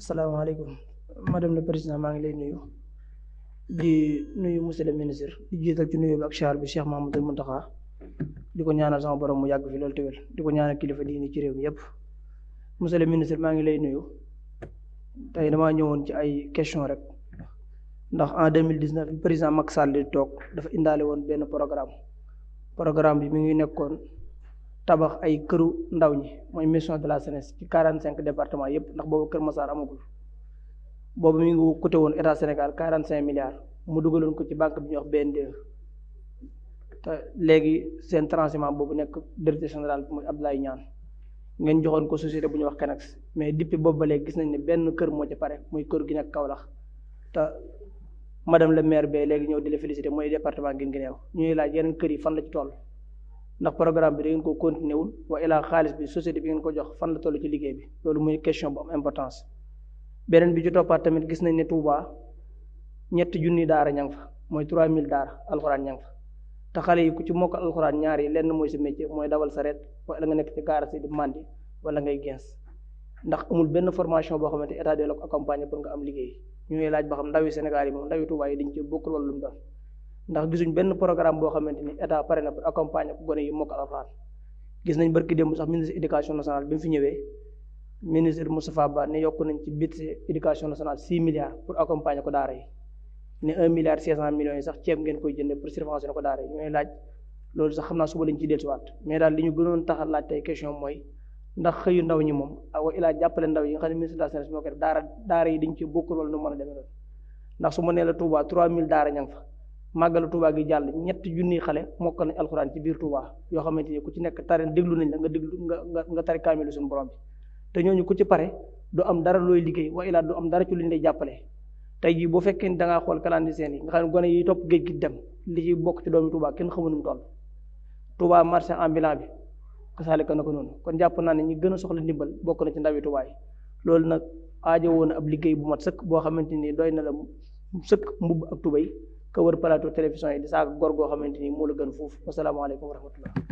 salaamaaleykum madame le président maa ngi lay nuyu di nuyu monsieur le ministre di jiital ci nuyu bi ak char bi Cheikh Mahamadou Mountakha di ko ñaanal sama borom mu yàgg fi loolu tëwel di ko ñaanal kilifa diini ci réew mi yëpp monsieur le ministre maa ngi lay nuyu te damaa ñëwoon ci ay question rek ndax en deux mille dix neuf président mak Sall di toog dafa indaale woon benn programme programme bi mi ngi nekkoon. tabax ay këru ndaw ñi mooy mission de la jeunesse ci quarante cinq département yëpp ndax boobu Kër Massar amagul boobu mu ngi coûté woon état Sénégal quarante cinq milliards mu dugaloon ko ci banque bi ñu wax BNDE te léegi seen transiment boobu nekk directeur général bi mooy Abdoulaye Niane ngeen joxoon ko société bu ñu wax Kenex mais depuis boobu ba léegi gis nañ ni benn kër moo ci pare muy kër gi nekk Kaolack te madame le maire ba léegi ñëw di la félicité mooy département Guinguinéo ñuy laaj kër yi fan la ci toll ndax programme bi da ngeen ko continué wul wa ilaa xaalis bi société bi ngeen ko jox fan la toll ci liggéey bi loolu muy question bu am importance beneen bi ci toppaat tamit gis nañ ne Touba ñetti junni daara ña fa mooy 3000 daara alxuraan ña nga fa te yi ku ci mokk alxuraan ñaar yi lenn mooy sa métier mooy dawal saret wala nga nekk ci gaara si di mandi wala ngay gens ndax amul benn formation boo xamante état de la ko accompagner pour nga am liggéey laaj ba xam ndawi Sénégal yi dañ ci bokkul wala lu mu doon ndax gisuñ benn programme boo xamante ni état pare na pour accompagner ko gone yi mokk alxuraan gis nañ barki démb sax ministre éducation nationale bi mu fi ñëwee ministre Moustapha Ba ne yokk nañ ci budget éducation nationale 6 milliards pour accompagner ko daara yi ne 1 milliard 500 millions yi sax ceeb ngeen koy jëndee pour subventionner ko daara yi ñooy laaj loolu sax xam naa suba lañ ci dellusiwaat mais daal li ñu gënoon tax a laaj tey question mooy ndax xëyu ndaw ñi moom awa ilaa jàppale ndaw yi nga xam ne ministre de la jeunesse moo koy def daara daara yi dañ ci bokkul wala nu ña nga fa màggalu Touba gi jàll ñetti junniy xale mokkal nañ alxuraan ci biir Touba yoo xamante ni ku ci nekk tari déglu nañ la nga déglu nga nga tari kaamil suñu borom bi te ñooñu ku ci pare du am dara looy liggéey wa ilaa du am dara ci ñu lay jàppale tey jii boo fekkee ni danga xool xool calendrier yi nga xam ne gone yi topp géej gi dem li ci bokk ci doomi Touba kenn xamu nu mu toll Touba marché ambulant bi kasaalika na ko noonu kon jàpp naa ne ñi gën a soxla ndimbal bokk na ci ndawi loolu nag aajo woon ab liggéey bu mat sëkk boo xamante ni doy na la sëkk mbubb ak tubay ka wër plateau télévision yi di saaga góor goo xamante ni moo la gën foofu wasalaamaaleykum wa